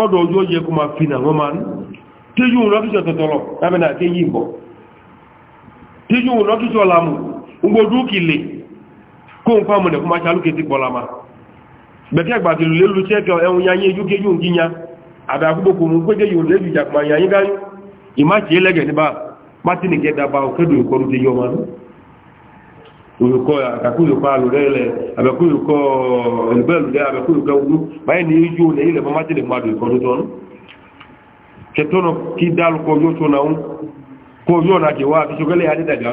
ọdọ̀ ojú ó yẹ kó máa fi nàwọn máa ń tíjú lọ́kíṣọ́ tọ̀tọ̀lọ̀ lábẹ́nà àti yìí bọ̀ tíjú lọ́kíṣọ́ lámù gbogbo kìlè kó ń fáwọn ẹ̀kọ́ máa ṣàlùkè ti pọ̀ lámà bẹ̀kẹ́ gbàtìlù lélu ṣẹ́kẹ̀ ẹ̀hún yanyé yú kéjú ń kíyà àbẹ̀ àkúgbòkò mú pé kéjú lẹ́jù ìjàkùmá yanyé gáyú ìmáṣẹ́ lẹ́gẹ̀ níbà pátínì kẹta bá òkèdò ìkọrù ti yọ ọmọ náà oyokɔ akakó yokɔ alo ɖe lɛ abakó yokɔ ɛlubɛlu ɖe abakó yokɔ wulu bayi ni edzo le yi le mama ti le ma do ikɔ do tɔnu kɛtɔnɔ ki dalu kɔ yɔ tɔ na ŋu kɔ ya de na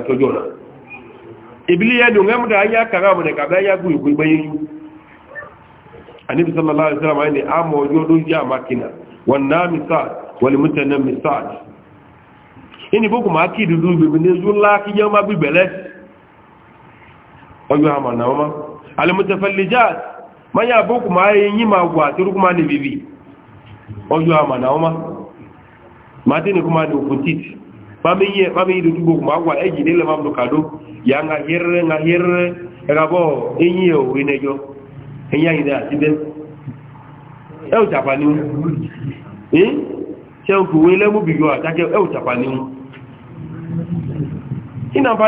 ebili ya do ŋɛmu da aya kanga mɛ kabi aya go yoko gba yeyu anabi sallallahu ni amɔ yɔ dudu bebe la ki jama ọjọ́ àmà náà ma alimutafallijat ma yà bó kùmà ayé yí ma gbà torí kùmà ní bìbì ọjọ́ àmà náà ma ma dé ní kùmà ní òkú títì fami yẹ fami yìí dúdú gbogbo àwọn ẹjì nílẹ̀ máa yà ń ahéré ń ahéré ẹ̀ka ni wọn ṣe ń fòwe lẹ́mú bìyọ àtàkẹ́ ẹ̀ ò ni wọn. kí nàfà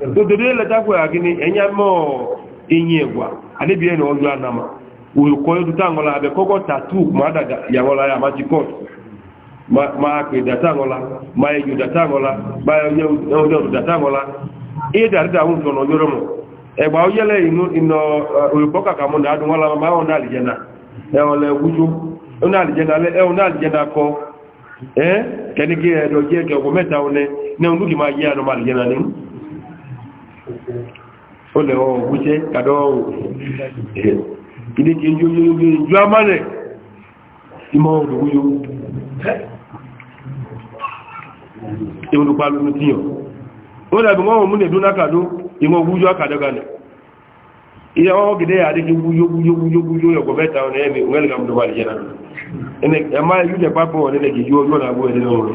to dede lẹta kọ yagini ẹnya mọ ẹnyin ẹgwa ale bi ẹni ọdún anama òkò ẹdun tí a ŋọla abẹ kọkọ tatu máa da yaŋọla yà máa ti kọt máa kpe data ŋọla máa ẹjọ data ŋọla máa ẹjọ ẹjọ ẹjọ data ŋọla ẹyẹ dàrí dàrí àwọn ìtọ̀nà ọjọ́rọ̀ mọ ẹgba ọ yẹlẹ inú inú òyìnbó kàkà mọ nà adùn ọlọmọ máa ọ̀nà àlìjẹna ẹwọn lẹ wújú ọ̀nà àlìjẹna lẹ ọ̀nà àlìjẹna kọ ẹ kẹ́ni kí ẹ̀dọ̀ jẹ́ kẹ́ ọkọ̀ mẹ́ta ọ̀nẹ́ náà ń dúkìí máa yẹ àdọ́mọ àlìjẹna ni. ó lẹ̀ ọ̀ wúṣẹ́ kàdọ́ ilé tí ó yóò ju amálẹ̀ ìmọ̀ olùwúyó olùpalùmù tíyàn ó dàbí wọ́n mú nìdún lákàdó ìmọ̀ wúyó àkàdọ́gànlẹ̀ ilé ọwọ́ gidẹ́ àdéjú wúyó wúyó wúyó wúyó ọ̀gọ̀ mẹ́ta ọ̀nà ẹ̀mí wẹ́lẹ̀gàmùdọ̀wà lè jẹ́ náà ẹ̀má ìlú jẹ́ pápọ̀ ọ̀nà ẹ̀gẹ̀jú ọjọ́ ọ̀nà àbúrẹ̀ nínú ọ̀rọ̀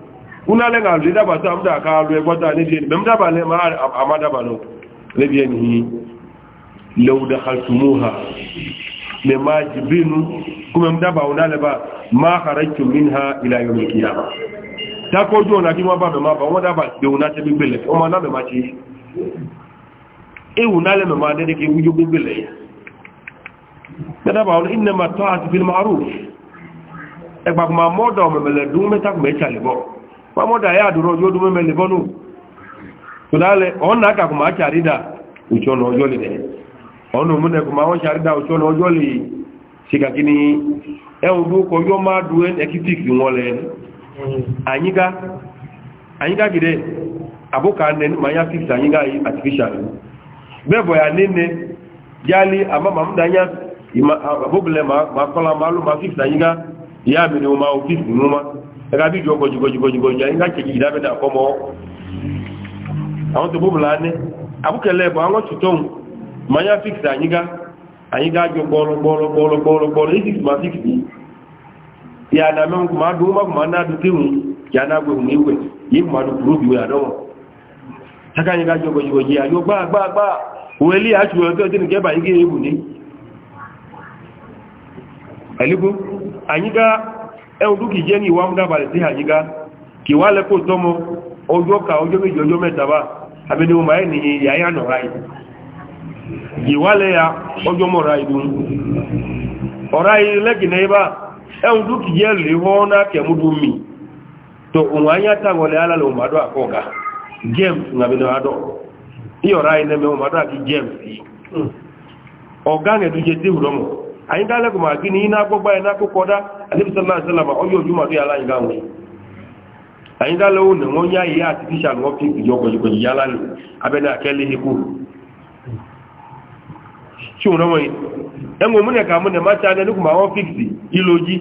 unale nga le daba ta muda ka lu egota ni bi mem daba le ma ama daba lo le bi ni law dakhaltumuha me ma jibinu kuma mem daba unale ba ma kharajtu minha ila yawm al-qiyamah ta ko do na ki ma ba ma ba won daba de una te bi gbele o ma na be ma ti e unale me ma de ki wujo gbele daba on inna ma ta'at bil ma'ruf e ba ma modo me le du me ta me ta bo pamọ́dà yà dúró yóò dúró mẹ́lẹ̀ bọ́nù tòdálẹ̀ ọ̀nà àkàkù máa ṣàrídà òṣọ́nà ọjọ́ lè rẹ̀ ọ̀nà òmúnẹ̀kù máa wọ́n ṣàrídà òṣọ́nà ọjọ́ lè ṣìkàkí ni ẹ̀hùn tó kọjọ́ máa dú ẹkítìkì wọn lẹ̀ maya fix àyíká artificial bẹ́ẹ̀bọ̀ yà nínẹ jálí àbámàmúdáyà àbúkùlẹ̀ máa kọ́lá máa ló máa fix àyíká ìyá ẹ̀ka bí ìjọ gọjùgọjùgọjùgọ ìjà yín láti ṣèjì ìdábẹ́ náà kọ́mọ́ àwọn tó bóbulà ní abúkẹ̀lẹ̀ ẹ̀bọ̀ àwọn tuntun maya fix àyíká àyíká jọ gbọ́ọ̀lọ́gbọ́ọ̀lọ́gbọ́ọ̀lọ́gbọ́ọ̀lọ́ eight six ma fix ní ìyànà mẹ́rin kò máa dún mọ́kùnmá náà dún kéwù ìyànà agbègbè ní ìwẹ̀ yìí kò máa dún kúrò bíwẹ̀ àdọ́wọ̀ ká jọ àyọ gbáàgbáàgbá òwe lé ní ẹ̀hùn tó kìí jẹ́ ní ìwà múdábàlẹ̀ sí àyíká kì wá lẹ́kọ́ tọ́mọ ọjọ́ ka ọjọ́ méjì ọjọ́ mẹ́ta bá àbẹni ni ẹ̀ nìyí yàyà nà ráì kì wá lẹ́yà ọjọ́ mọ́ ráì dùn ọ̀rá yìí lẹ́gìnà yìí bá ẹ̀hùn tó kìí jẹ́ lè họ́ ná kẹ̀múdù mi tó james nàbẹ̀nà adọ́ ní ọ̀rá yìí nẹ́mẹ̀ ọmọdọ́ àti james anibisala asalama ọyọ ojúmọ tó yàrá yìí láwọn àyíndá lọ́wọ́ ní wọ́n yá ìyá àti tíṣà ní wọ́n fi ìjọ pẹ̀lúpẹ̀lú yálà ní abẹ́lẹ̀ àkẹ́lẹ́ ikú ṣí òun náà wọ́n ẹ̀wọ̀n múnẹ̀ kà múnẹ̀ má ṣáà nẹ́nukùn bá wọ́n fíìsì ìlòjí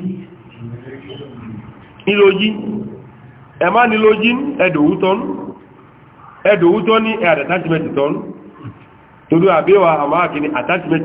ìlòjí ẹ̀má nílòjí ẹ̀dòwútọ́ ní ẹ̀rẹ̀ attachment tọ́nù torí àbíwá àwọn àkíní attachment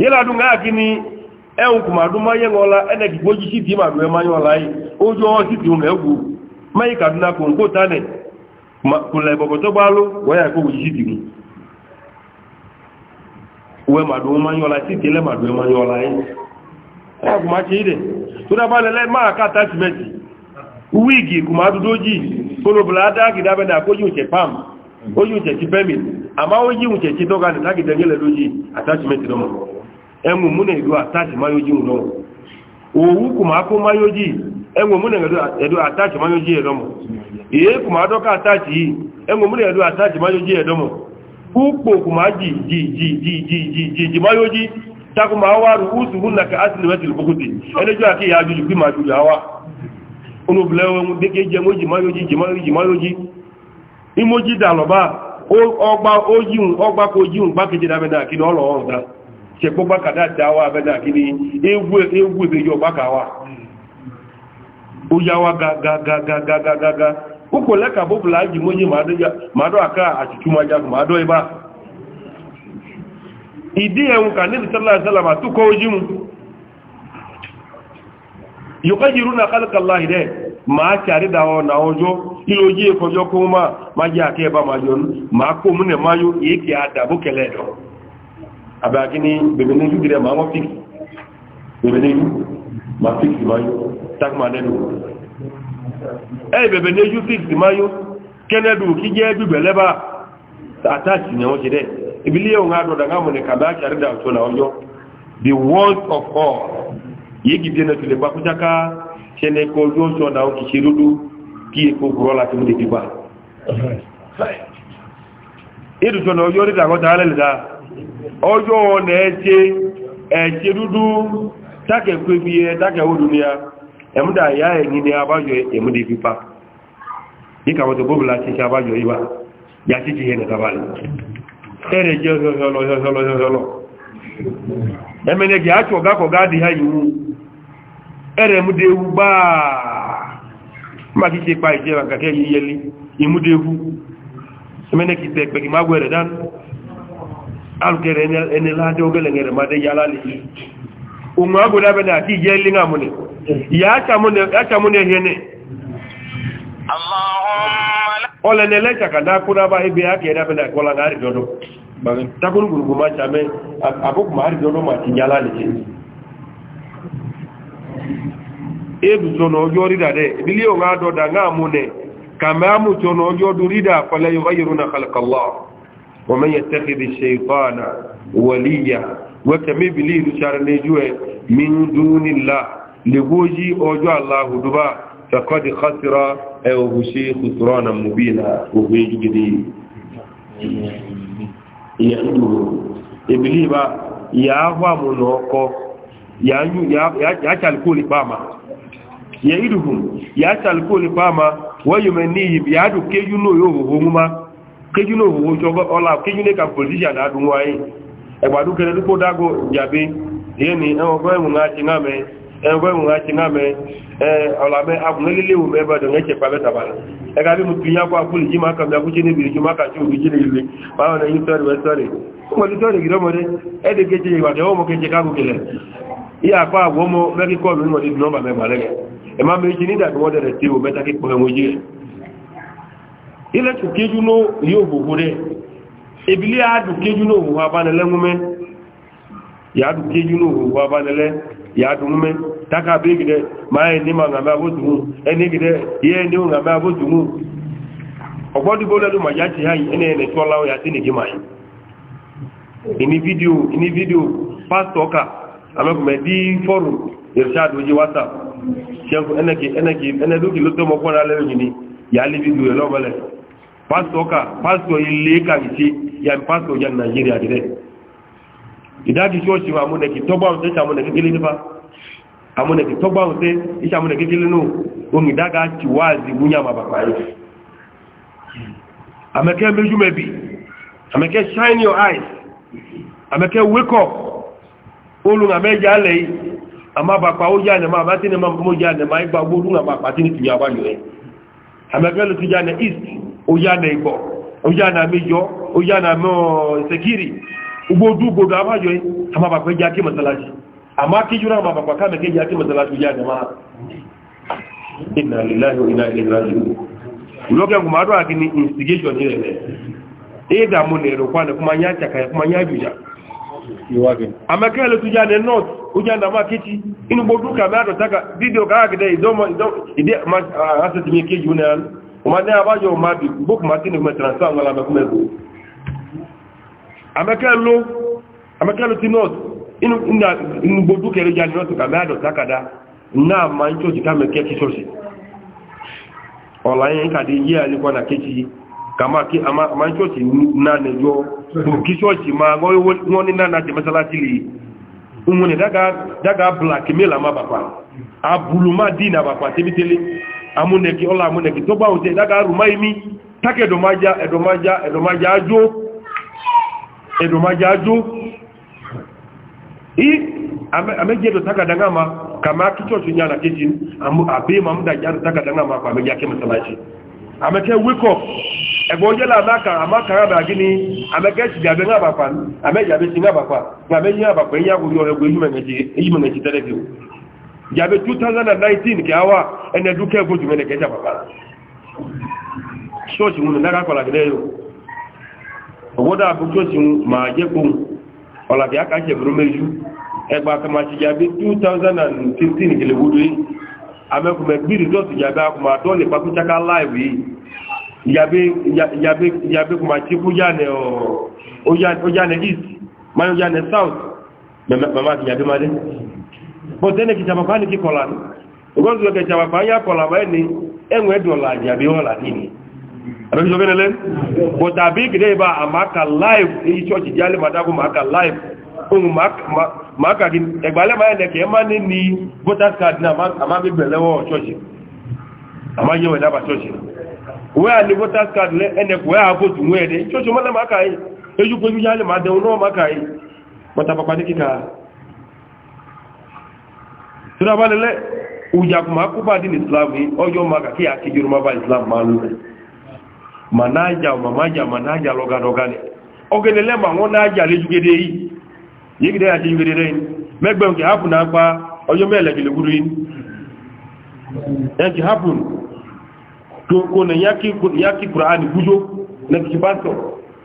yeladu du nga kini ewu kuma du ma yengola ene gboji siti ma du e ma yola yi ojo o siti un ewu mai e ma kula bobo to balu wo ya ko siti ni we ma du ma ma du ma yi kuma ma ka ta simeti wigi kuma du doji da na ko ju che pam o ju che ti pemi ama o ji u che ti enwe mụ na edu atachi mayoji ụlọ owu kumakụ mayoji enwe mụ na edu atachi mayoji edomo ihe kumadoka atachi yi enwe mụ na edu atachi mayoji edomo ukpo kuma ji ji ji ji ji ji ji ji mayoji takuma awaru usu hunna ka asili wetil bukuti enejo aki ya ajuju ji kí ọlọ́ọ̀dá chekpo gbakada ati awa abeda gini egwu egwu ebeji ọgbaka awa ụjawa gagagagagagaga ụkwụle ka bụbụla a e e ji monye madụ aka achịchụmaja ma adụ ebe a ìdí ka na níbi ma ìsọ́lámà tó ji ojú mú iru jírú na kálùkàlá ìdẹ́ máa ṣàrídà da na ọjọ́ ilé ojú ẹkọjọ́ kó ma jẹ́ àkẹ́ ẹbá máa jọ máa kó múnẹ̀ máa yóò èékẹ́ kele abakini bebene ju dire ma mo fix bebene ju ma fix ma yo tak ma ne do eh bebene ju fix ma yo kene du ki je bi bele ba attach ne o jide ibili o ngado da ngamo ne kaba ki arida to na ojo the world of all yegi bi na tule ba ku jaka kene ko jo so na o ki shirudu ki ko gro la ti mu de ba edu to na ojo rida ko dale da ọjọ́ na-eche eche dúdú tákẹ̀ pé bí ẹ tákẹ̀ ó ya ẹ̀múdà ya ẹ̀yìn ni abájọ ẹ̀múdà ìfipá ní kàwọ́tọ̀ bóbùlá ti ṣe ya ti ti hẹ̀nẹ̀ tabalẹ̀ ẹ̀rẹ̀ jẹ́ ọ̀sọ̀lọ̀sọ̀lọ̀ ẹ̀mẹ́nẹ̀gẹ̀ àti ọ̀gákọ̀gá di ha yìí ẹ̀rẹ̀ múdé ewu gbáà má alùkẹrẹ ẹni láti ogẹ́lẹ̀gẹ̀rẹ̀ máa dé yálà lè ohun agbódábẹ̀ ní àti ìjẹ́ ilé àmúnẹ̀ ìyá àtàmúnẹ̀ ẹ̀hẹ́nẹ̀ ọlẹ́ni ẹlẹ́ṣàkàdá kúrábá ibi àkẹ́ẹ̀dábẹ̀ àkọ́lá náà àrídọ́dọ́ takún gbùrùgbù máa ṣàmẹ́ àbúkù máa àrídọ́dọ́ máa ti yálà lè ebùsọ̀nà ọjọ́ rídà dẹ̀ ìbílẹ̀ òun àdọ́dà náà múnẹ̀ kàmẹ́ àmùsọ̀nà ọjọ́ rídà pẹ̀lẹ́ yóò ومن يتخذ الشيطان وليا وكمي بليه شار نجوه من دون الله لبوجي أوجو الله دبا فقد خسر أو بشي خسرانا مبينا وهو يجدي يعده إبليه با يعوى منوكو يعشى الكل باما يعدهم يعشى الكل باما ويمنيهم يعدو كي ينو يوهو هما keju na ohuwo chọgọ ọla keju na ka pozishan adụ nwanyị egbadu kere dukpo dago jabi ihe ni enwego enweghachi ngame enwego enweghachi ngame ee ọlame agwụnegile ewu ebe dị na-echekwa betabala egabi m tinye akwa akwụli ji maka m akwụchi n'ebiri ji maka chi obi ji ma ahụ na-eyi sọrị wee sọrị ụmụdị sọrị gịrị ọmọdé ede keche ya gbata ụmụ keche ka ihe akpa agwa ụmụ mekịkọlụ nwere dị n'ọba megbara ya ema echi ilẹ̀ tún kéjú ló yóò gbogbo rẹ̀ ebile yàádù kéjú ló hùwà abánilẹ́ múmẹ́ yàádù kéjú ló hùwà abánilẹ́ yàádù múmẹ́ taka bí gidẹ máa ní ma ngàmẹ́ abótùmù ẹni gidẹ yẹ ní o ngàmẹ́ abótùmù ọgbọ́dúgbò ti hàn ẹni ẹni tí ọlá ọyà tí nìkí ma yìí ìní fídíò ìní fídíò pásítọ̀ ọkà amẹ́kùnmẹ́ dí fọ́ọ̀rù ìrìṣàdù ojú whatsapp ẹnẹ́kì ẹnẹ́kì ẹnẹ́dókì ló lẹ́yìn ni yàá lé fídíò ẹ̀ pásítọ̀ ká pásítọ̀ ilé kàìsí ya pásítọ̀ ya nàìjíríà dìrẹ́ ìdájí ṣọ́ọ̀ṣì amúnẹ̀kì tọ́gbà ọ̀tẹ́ ìṣàmúnẹ̀ kékeré nípa amúnẹ̀kì tọ́gbà ọ̀tẹ́ ìṣàmúnẹ̀ kékeré náà omi dága ti wá àzìbú ní àmà bàbá yìí àmẹ́kẹ́ méjú mẹ́bì àmẹ́kẹ́ shine your eyes àmẹ́kẹ́ wake up olùn àmẹ́jà lẹ́yìn àmà bàbá ó yà nẹ̀mà àmà tí nẹ̀mà mọ́ yà nẹ̀mà ìgbà gbórùn àmà pàtí nítorí àwáyọ̀ amẹ́fẹ́lú tó jáde east ó jáde ìgbọ̀ ó jáde àmẹ́jọ́ ó jáde àmẹ́ ṣekiri gbogbo gbogbo àmájọ́ yìí a máa bàbá jẹ́ akí mọ̀sálásí àmá kí jùlọ àwọn bàbá ká mẹ́kẹ́ jẹ́ akí mọ̀sálásí jáde máa iná líláyọ̀ iná ìlẹ́gbẹ̀rẹ̀ lókẹ́ kùmàdọ́ àti ní instigation ní rẹ̀ ẹ̀ẹ́dàmú nẹ̀rọ̀ kwánà kúmanyá àjàkàyà kúmanyá àjùjà amẹ́kẹ́lú tó jáde north uja na makiti inu boduka na taka video ka akide idomo ide ma ah, asa timi ke junan uma ne abajo ma bi book ma tinu ma transfer ngala ma kuma ko amekelo tinot inu ina inu boduka re jani to ka ma taka da na ma ncho ti ka me ke kisosi ola ka de ye ali ko na kechi kama ki ama ma ncho ti na ne jo kisosi ma ngo woni na na ti masala ti li umuni daga daga blackmail amabapa abuluma din abapa tebitele amuneki ola amuneki to bawo te daga rumaimi take do maja edo maja edo maja ajo edo maja i ameje do taka dangama kama kicho chunya na kijin amu abe mamda jar taka dangama kwa ameje ke masalachi ameke wake up ebe onye na-adaka amakaraba gịnị ameke echi ga-abịa nye abakwa ameji abịachi nye abakwa ga ame ihe abakwa ihe agwụghị ọhịa egwu eji menechitere gị jabe 2019 ka awa eneduka egwu ju mene ka eji abakwa chọọchị nwunu naga akwara gị n'elu obodo abụ chọọchị ma jekwu ọla 2015 gelewodo amekume gbiri dosi yabe akuma tole pakuchaka live yabe yabe yabe kuma chifu jane o o jane east mayo jane south mama ki yabe made botene kichama kwani kikola ngozi yoke chama kwanya kola bani enwe dola yabe ola nini abekizo benele botabik deba amaka live e church jale madago maka live ohun máa a ẹgbàlẹ́ máa ẹ̀lẹ́kẹ̀ ẹ máa ní ní voters card ní a lẹ́wọ́ ṣọ́ọ̀ṣì àmáyẹ̀wẹ̀ dábà ṣọ́ọ̀ṣì wẹ́ à ní voters card ẹnẹ̀kọ̀ ẹ́ àbòtù wọ́n ẹ̀dẹ́ ṣọ́ọ̀ṣì mọ́lẹ́ máa kàáyé ejú pé yíyá lè máa dẹun náà máa kàáyé pọ̀tàpàpà ní kíkà tọ́lábálẹ́lẹ́ òjàkùnmá kúbà dín islam yìí ọjọ́ islam jà yìí yíkìdẹ́ àti ìgbèrèrè mẹ́gbẹ̀rún kì hápùn náà pa ọjọ́ mẹ́lẹ̀ kìlẹ̀ gúrú yìí ẹnkì hápùn kò nà yákì kùránì gújó na kìí pásọ̀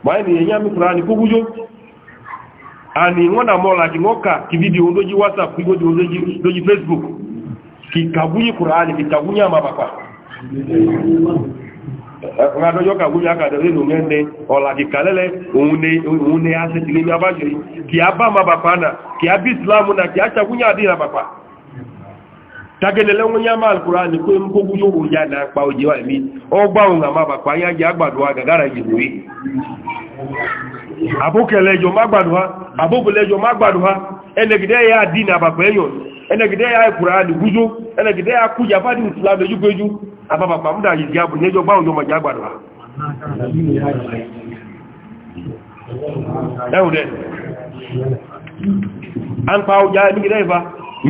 báyìí ni èyàn mi kùránì kó gújó àni wọ́n nà mọ́ làkì facebook kì kàgúnyí kùránì kì ẹ̀kùnrin adọ́jọ́ kàgbójú àkàdẹ̀ nínú mẹ́rin ọ̀làkìkàlẹ́lẹ̀ òun ni a ṣe ti ní abájẹ́ kì á bá ma bàpá náà kì á bí islam náà kì a ṣàkúnyà àdínà bàpá tagẹ́lẹ̀lẹ́ wọ́n yá máa kúrò ní pé ń kókú yóò yá náà pa òjé má má ẹnẹ̀gìdẹ́ ẹ̀yọ̀ enegide ya ekwuran guzu enegide ya kwụ ji abadi ntula mejukwa eju ababakpa m daji ji abụ n'eji ọgbanwe ma ji agbara ha ewude anpa ụja emegide ịba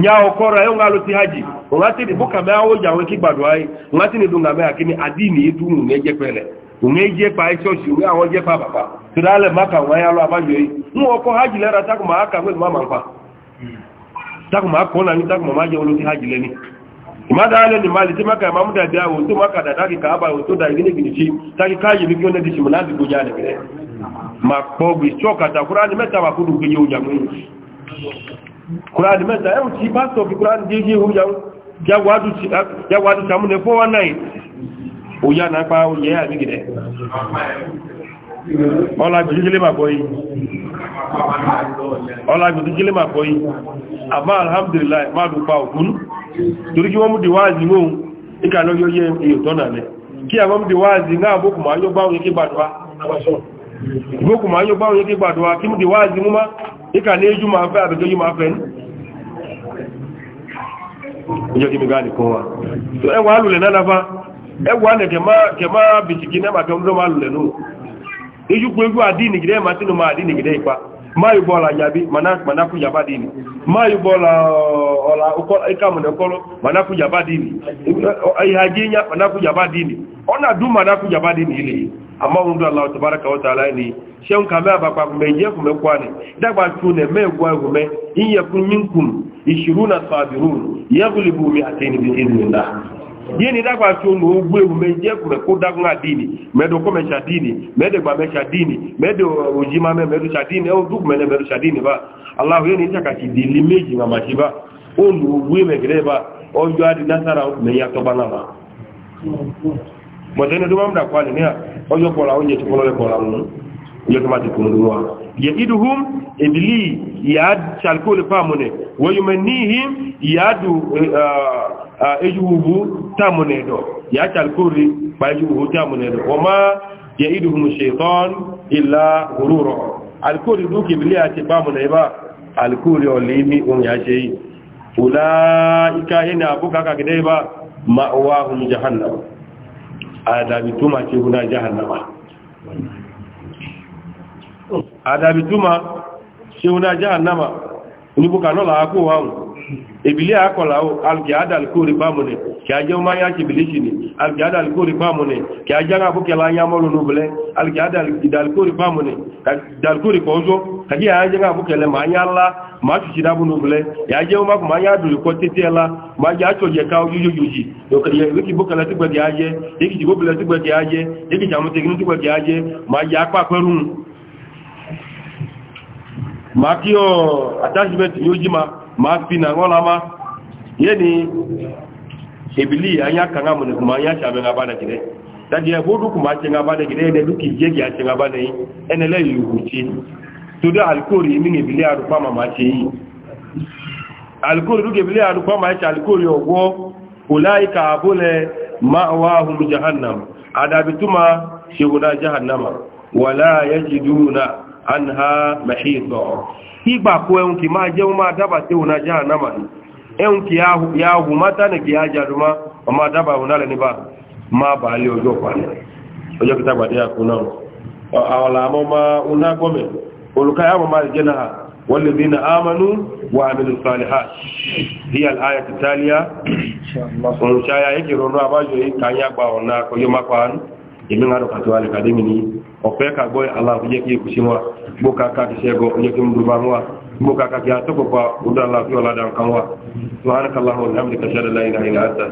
nya ọkọrọ ya nga alụti ha ji ngatị bụ ka mee ahụ ji gbado anyị ngatị na-edu nga mee akịnị adị na edu unu na-ejekpele unu ejekpa chọọchị unu ahụ nwa takuma akɔna ni takuma ma jɛ olu ti hajj lɛ ni ma da ale ni mali ti ma ka mamu da bi awo to ma ka da taki ka aba o to da gini gini ci taki ka yi bi kyɔn ne di simuna bi goja ne gɛrɛ ma kpɔ bi wa kudu gbe ye o jamu ye kura ni mɛta ọlágbèdújẹ́lé i bọ́ yìí ọlágbèdújẹ́lé mà bọ́ yìí àmá alhamdulillah máa dùn pa òkun torí kí wọ́n mú dìwáàzì mún ìkàlọ́ yóò yẹ èyò tọ́nà rẹ̀ kí àwọn mú náà bókù máa yóò gbáwọn yéké gbàdúwá kí mú mú ìkà kí náà ejukwu egwu adini gide ma tinu ma adini gide ikpa ma yi bọla yabi mana ku yaba dini ma yi bọla ọla ika mu nekọlọ mana ku yaba dini ihaji nya mana ku yaba dini ọ na-adu mana ku yaba dini ile amma wọn dọ aláwọ tọbara kawọ tààlá ni ṣe ń kàmẹ́ àpapà kùmẹ̀ yẹ yeni dagba tso nu ogbe mu me je kure ko dagun adini me do ko me shadini me de gba me shadini me do ojima me me do shadini o dugu me le me do shadini ba allah yeni taka ti di limeji ma ma ti ba o nu ogbe me gre ba ojo adi nasara me ya to bana ba mo de no do ma mda kwali ni a ojo ko la onye ti ko le ko la mu yo ti ko ndu wa يئدهم إبلي يعد شالكول فامونه ويمنيهم يعد أجوه تامونه دو يعد شالكول فأجوه تامونه دو وما يئدهم الشيطان إلا غرورا الكول دوك إبلي أتفامونه با الكول يوليمي ومياشي أولئك هنا أبوك أكاكده با مأواهم جهنم آدابي توما تيهنا جهنم adabituma ṣeuna jahannama oníbùkà náà làákò wà hùn ìbílẹ̀ àkọlà ó alìkìádà alìkórí bámu nì kí a jẹ́ ọmọ ayá ti bìlẹ̀ ṣì ní alìkìádà alìkórí bámu nì kí a jẹ́ àbúkẹ́lá ayá mọ́rún lóbulẹ̀ alìkìádà alìkórí bámu nì dalkórí kọ́ọ́zọ́ kàjí àyá jẹ́ àbúkẹ́lẹ̀ máa yá ńlá máa ṣùṣì dábù lóbulẹ̀ yà jẹ́ ọmọ akùnmá yá dùn kọ́ tẹ́tẹ́ ẹlá máa jẹ́ àṣọjẹ ká ojójójì ìrìkì bókẹ́lẹ̀ sígbẹ̀kẹ́ ajẹ́ ma kí ọ attachment yóò jí ma ma fi na wọ́n la yé ni ebili anya kanga mu ne kuma anya shabe nga bana gire dadi ya bodu kuma ce nga bana gire ne duki je ki ce nga bana yi ene le yuhuti to da ebili a rufa ma ma ce yi alkori ma ce alkori ogwo ulaika abule ma'wahum jahannam adabituma sheguna wala yajiduna anha mahito igba ko en ki ma je ma daba te una ja na ma en ki ya ya hu mata ne ki ya ja duma ma daba una le ni ba ma ba le ojo pa ne ojo ki ta gba de akuna awala mo ma una go me oluka ya mo ma je na ha والذين آمنوا وعملوا الصالحات هي الآية التالية إن شاء الله يجرون أبا جوي كان يقبعون يوم أقوان إمنا رفعتوا لك دمني Allah ọ̀fẹ́ kàgbọ́ aláàfíjẹ́ kí èkùsí wa gbó kàkà kì sẹ́gọ́ ọjọ́ kí mú wa gbó kàkà kì àtọ́pọ̀pọ̀ ọdọ́ aláàfíọ́ ládàá kan wa